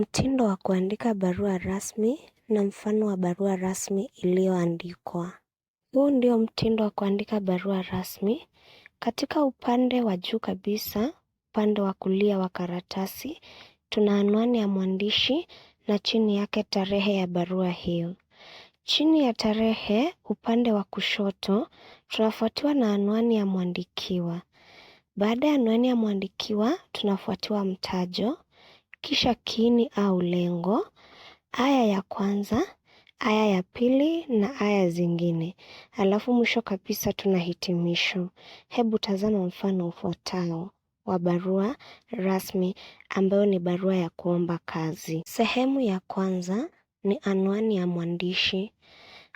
Mtindo wa kuandika barua rasmi na mfano wa barua rasmi iliyoandikwa. Huu ndio mtindo wa kuandika barua rasmi. Katika upande wa juu kabisa, upande wa kulia wa karatasi, tuna anwani ya mwandishi na chini yake tarehe ya barua hiyo. Chini ya tarehe, upande wa kushoto, tunafuatiwa na anwani ya mwandikiwa. Baada ya anwani ya mwandikiwa, tunafuatiwa mtajo, kisha kiini au lengo, aya ya kwanza, aya ya pili na aya zingine. Alafu mwisho kabisa tuna hitimisho. Hebu tazama mfano ufuatao wa barua rasmi ambayo ni barua ya kuomba kazi. Sehemu ya kwanza ni anwani ya mwandishi.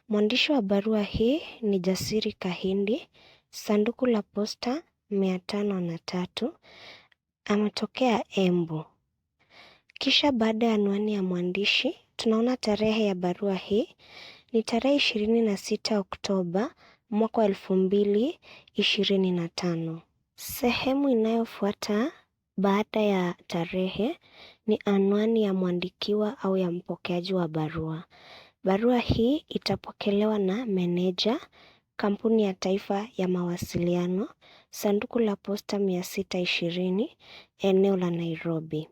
Mwandishi wa barua hii ni Jasiri Kahindi, sanduku la posta mia tano na tatu, ametokea Embu. Kisha baada ya anwani ya mwandishi, tunaona tarehe ya barua hii ni tarehe ishirini na sita Oktoba mwaka wa elfu mbili ishirini na tano. Sehemu inayofuata baada ya tarehe ni anwani ya mwandikiwa au ya mpokeaji wa barua. Barua hii itapokelewa na meneja, kampuni ya taifa ya mawasiliano, sanduku la posta mia sita ishirini, eneo la Nairobi.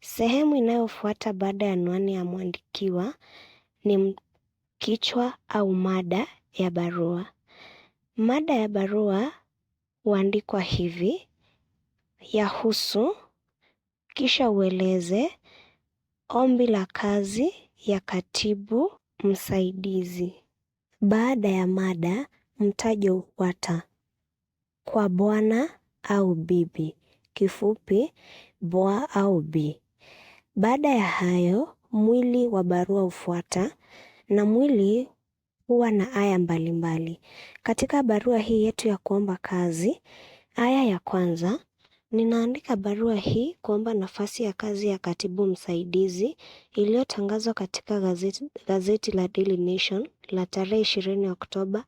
Sehemu inayofuata baada ya anwani ya mwandikiwa ni kichwa au mada ya barua. Mada ya barua huandikwa hivi, yahusu, kisha ueleze ombi la kazi ya katibu msaidizi. Baada ya mada, mtajo hufuata, kwa bwana au bibi kifupi BOA au B. Baada ya hayo, mwili wa barua hufuata na mwili huwa na aya mbalimbali. Katika barua hii yetu ya kuomba kazi, aya ya kwanza, ninaandika barua hii kuomba nafasi ya kazi ya katibu msaidizi iliyotangazwa katika gazeti, gazeti la Daily Nation la tarehe 20 Oktoba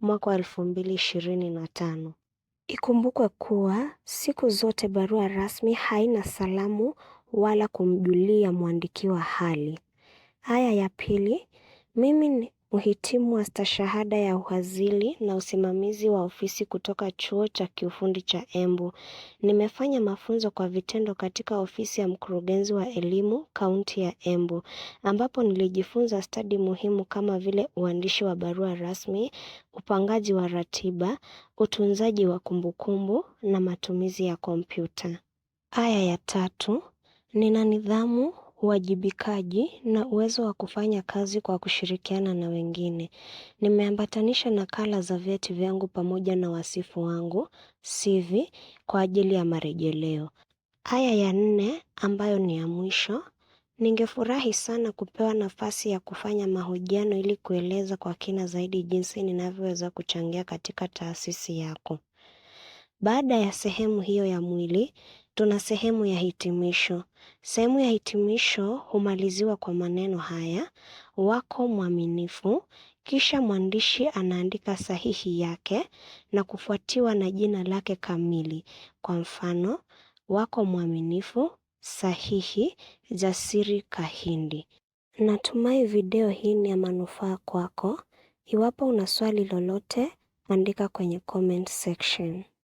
mwaka wa 2025. Ikumbukwe kuwa siku zote barua rasmi haina salamu wala kumjulia mwandikiwa hali. Aya ya pili, mimi Mhitimu wa stashahada ya uhazili na usimamizi wa ofisi kutoka chuo cha kiufundi cha Embu. Nimefanya mafunzo kwa vitendo katika ofisi ya mkurugenzi wa elimu kaunti ya Embu, ambapo nilijifunza stadi muhimu kama vile uandishi wa barua rasmi, upangaji wa ratiba, utunzaji wa kumbukumbu na matumizi ya kompyuta. Aya ya tatu, nina nidhamu uwajibikaji na uwezo wa kufanya kazi kwa kushirikiana na wengine. Nimeambatanisha nakala za vyeti vyangu pamoja na wasifu wangu, CV, kwa ajili ya marejeleo. Haya ya nne ambayo ni ya mwisho, ningefurahi sana kupewa nafasi ya kufanya mahojiano ili kueleza kwa kina zaidi jinsi ninavyoweza kuchangia katika taasisi yako. Baada ya sehemu hiyo ya mwili, tuna sehemu ya hitimisho. Sehemu ya hitimisho humaliziwa kwa maneno haya: wako mwaminifu, kisha mwandishi anaandika sahihi yake na kufuatiwa na jina lake kamili. Kwa mfano, wako mwaminifu, sahihi, Jasiri Kahindi. Natumai video hii ni ya manufaa kwako. Iwapo una swali lolote, andika kwenye comment section.